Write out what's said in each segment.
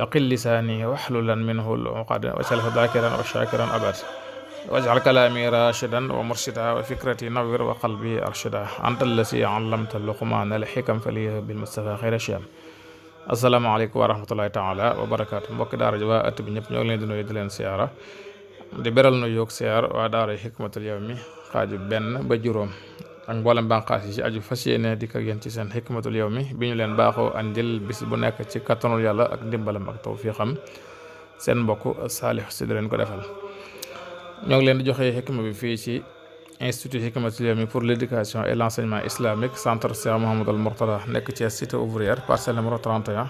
laqil lisaani waxlulan minhu luqad waj'alhu daakiran wa shaakiran abad waj'al kalaami raashidan wa murshida wa fikrati nawwir wa qalbi arshida anta allasi allamta luqmaana alxikam faliyah bilmustafa xayra shiyam asalaamaaleykum wa rahmatullahi taala wa barakaatu mbokki daara ji bi ñëpp ñoo ngi leen di nuyu leen siyaara di beral nu yoog siyaar waa daara xikmatul yawmi xaaju ba juróom ak mboolem bànqaas yi ci aju fas yéene dikk ak ci seen xikmatul yow mi bi ñu leen baaxoo andil bis bu nekk ci kattanul yàlla ak ndimbalam ak tawfiixam seen mbokk Saliou Sy di leen ko defal ñoo ngi leen di joxe xikma bi fii ci institut Hikmatul Yawmi pour l'éducation et l'enseignement islamique centre Cheikh Mouhamadoul Mourtada nekk ci cité ouvrière parcelle numéro 31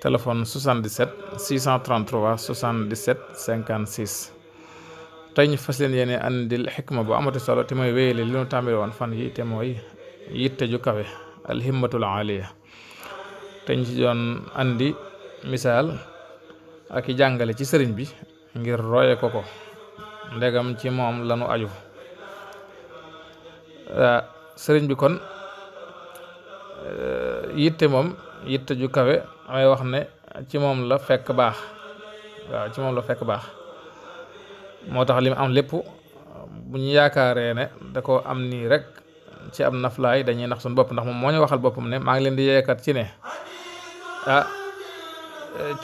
téléphone 77 633 77 56 tey ñu fas leen yéene andil xikma bu amati solo te mooy wéyale li ñu tàmbali woon fan yi te mooy yitte ju kawe alhimmatul aliya te ñu andi misaal ak jàngale ci sëriñ bi ngir roye ko ko ndegam ci moom lanu aju ah, sëriñ bi kon eh, yitte moom yitte ju kawe amay wax ne ci moom la fekk baax waaw ci moom la fekk baax moo tax li mu am lépp bu ñu yaakaaree ne da koo am nii rek ci am naflaay dañuy nax suñu bopp ndax moom moo ñu waxal boppam ne maa ngi leen di yeekat ci ne ah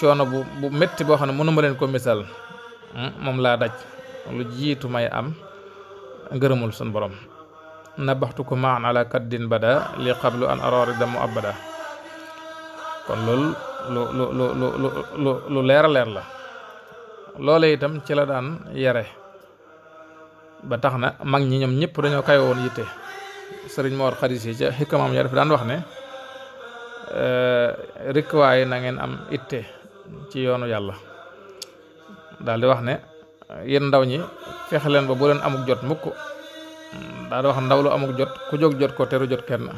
coono bu bu métti boo xam ne mënuma leen ko misaal hmm, moom laa daj lu jiitu may am ngërëmul suñu borom nabaxtu ko maan ala kaddin bada li qablu an arori damu abada kon loolu lu lu lu lu lu leer leer la loole itam ci la daan yare ba tax na mag ñi ñoom ñëpp dañoo kay woon yitte sëriñ moor xaris yi ca xikkamam ya daf daan wax ne euh, rikkuwaay na nangeen am itte ci yoonu yàlla daal di wax ne yéen ndaw ñi fexe leen ba bu leen amuk jot mukk daal di wax ndaw lu amuk jot ku jóg jot ko teru jot kenn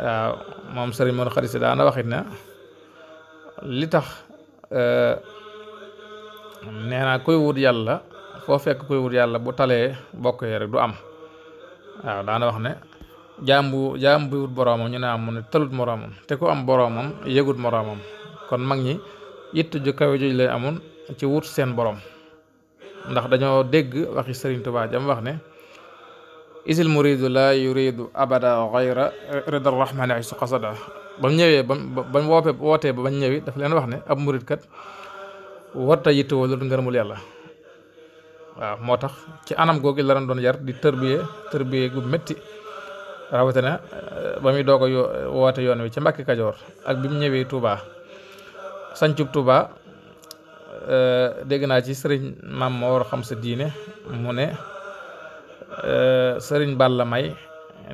waaw moom sëriñ Mor xaris yi daana waxit ne li tax euh, nee naa kuy wut yàlla foo fekk kuy wut yàlla bu talee bokk rek du am waaw daana wax ne jaam bu jaam bu wut boroomam ñu ne am mu ne talut moroomam te ku am boroomam yëgut moroomam kon mag ñi yitt ju kawe juj lay amoon ci wut seen borom ndax dañoo dégg waxi Sëriñ Tuubaa jam wax ne isil muridu la yuridu abada xayra rida rahmani ay su qasada ba mu ñëwee ba ba wootee ba bañ ñëwi dafa leen wax ne ab murid kat warta yittewoo lu du ngërëmul yàlla waaw moo tax ci anam googu la doon yar di tërbiye tërbiye gu métti rawatina eh, ba muy doog a woote yoon wi ci Mbàkke Kajoor ak bi mu ñëwee Touba sañcub Touba eh, dégg naa ci sëriñ maam moo war a xam sa diine mu ne eh, sëriñ Balla May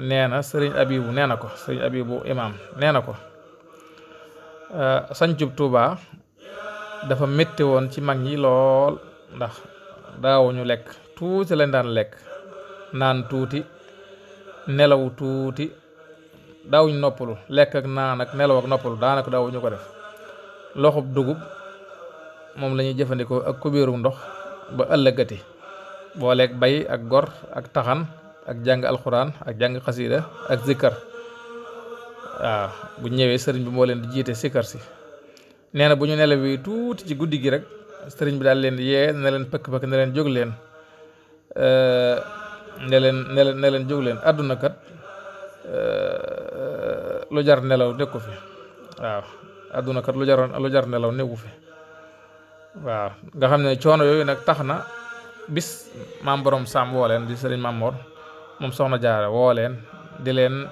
nee na sëriñ Abibu nee na ko sëriñ Abibu imaam nee na ko sancub tuuba dafa métti woon ci mag ñi lool ndax daawuñu lekk tuuti lañ daan lekk naan tuuti nelaw tuuti daawuñ noppalu lekk ak naan ak nelaw ak noppalu daanaka daawuñu ko def loxub dugub moom la ñuy jëfandikoo ak kubéeru ndox ba ëllëgati boo booleeg bay ak gor ak taxan ak jàng alxuraan ak jàng xasiida ak sikar waaw bu ñëwee sëriñ bi moo leen di jiite sikkar si nee na bu ñu nelaw nelawee tuuti ci guddi gi rek sëriñ bi daal leen di yee na leen pëkk pëkk na leen jóg leen ne leen leen ne leen jóg leen àdduna kat lu jar nelaw nekku fi waaw àdduna kat lu jar lu jar nelaw nekku fi waaw nga xam ne coono yooyu nag tax na bis maam borom saam woo leen di sëriñ Maam Mor moom soxna jaare woo leen di leen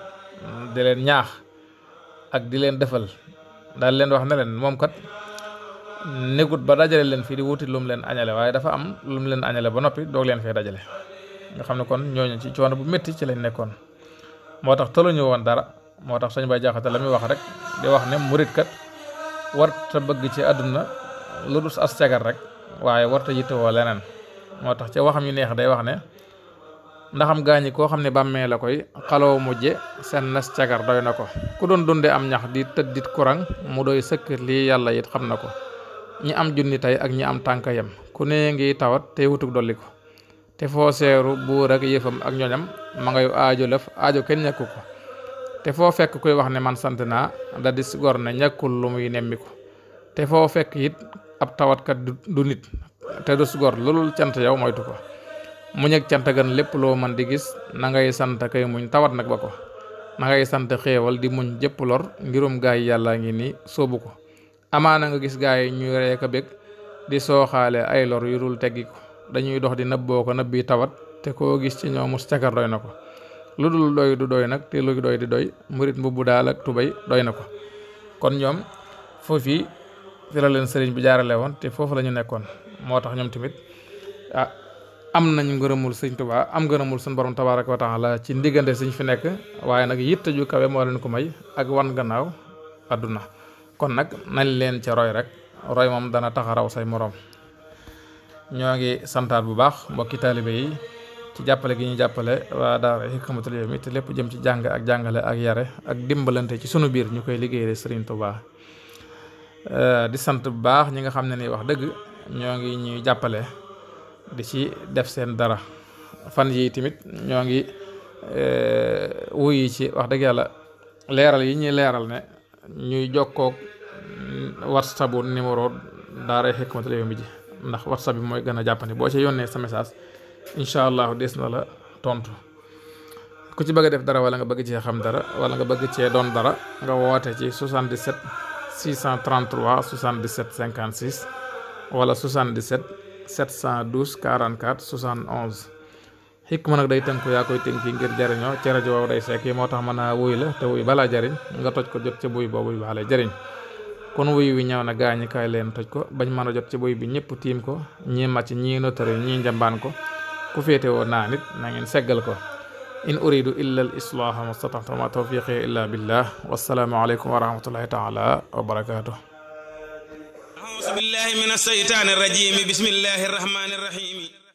di leen ñaax ak di leen defal daal leen wax ne leen moom kat négut ba dajale leen fii di wuti lu leen añale waaye dafa am lu mu leen añale ba noppi doog leen fee dajale nga xam ne kon ñooñu ci coono bu métti ci lañ nekkoon moo tax tëluñu woon dara moo tax sëñ Bay la muy wax rek di wax ne murit kat warta bëgg ci àdduna lu dus as cagar rek waaye warta yittewoo leneen moo tax ca waxam yi neex day wax ne ndaxam gaañi koo xam ne bàmmee la koy xaloo mujje seen nas cagar doy na ko ku doon dunde am ñax di tëddit kurang mu doy sëkk lii yàlla it xam na ko ñi am junni tey ak ñi am tànk yam ku ne ngi tawat te wutug dolli ko te foo seeru buur ak yëfam ak ñoñam ma ngay aajo lëf aajo kenn ñàkku ko te foo fekk kuy wax ne man sant naa da dis gor ne ñàkkul lu muy nemmi te foo fekk it ab tawatkat du nit te dus gor loolul cant yow moytu ko mu ak cant gën lépp loo man di gis na ngay sant kay muñ tawat nag ba ko na ngay sant xéewal di muñ jëpp lor ngirum gaay yi yàlla ngi ni soobu ko amaana nga gis gaay yi ñuy ree ko bég di sooxaale ay lor yu dul teggi ko dañuy dox di nëbboo ko nëbbi tawat te koo gis ci ñoomus cakar doy na ko lu dul doy du doy nag te lu doy di doy murit mbubb daal ak tubay doy na ko kon ñoom foofu fi la leen sëriñ bi jaarale woon te foofu lañu nekkoon moo tax ñoom tamit ah, am nañ ngërëmul sëñ tubaa am ngërëmul suñ borom tabaaraka wa taala ci ndiggante suñ fi nekk waaye nag yitte ju kawe moo leen ko may ak wan gannaaw àdduna kon nag nañ leen ca roy rek roy moom dana raw say moroom ñoo ngi santaat bu baax mbokki taalibe yi ci jàppale gi ñuy jàppale waa daara Hikmatul mi te lépp jëm ci jàng ak jàngale ak yare ak dimbalante ci sunu biir ñu koy liggéeyee Serigne Touba di sant bu baax ñi nga xam ne ni wax dëgg ñoo ngi ñuy jàppale di ci def seen dara fan yi tamit ñoo ngi e, wuyu ci wax dëgg yàlla leeral yi ñuy leeral ne ñuy jokkoog whatsapp bu numéro daara Hikmatul Yawmi ji ndax whatsapp bi mooy gën a jàppandi boo ci yónnee sa message incha allah des na la tontu ku ci bëgg def dara wala nga bëgg cee xam dara wala nga bëgg cee doon dara nga woote ci 77 633 77 56 wala 77. 712 44 71 xikma nag day tënku yaa koy tënki ngir jariñoo ci rajo waaw day sekk yi moo tax mën a wuy la te wuy balaa jariñ nga toj ko jot ci buy boobu buy baalee jariñ kon wuy wi ñëw na gaañukaay leen toj ko bañ mën a jot ci buy bi ñëpp tiim ko ñii màcc ñii notari ñii njambaan ko ku féete woo naa nit na ngeen seggal ko in uridu illa al islaaha mastata'tu wa ma tawfiqi illa billah wassalaamu aleykum wa rahmatullahi taala wa barakaatuh billahi min alseytaani alrajim bismillahi arrahmani arrahim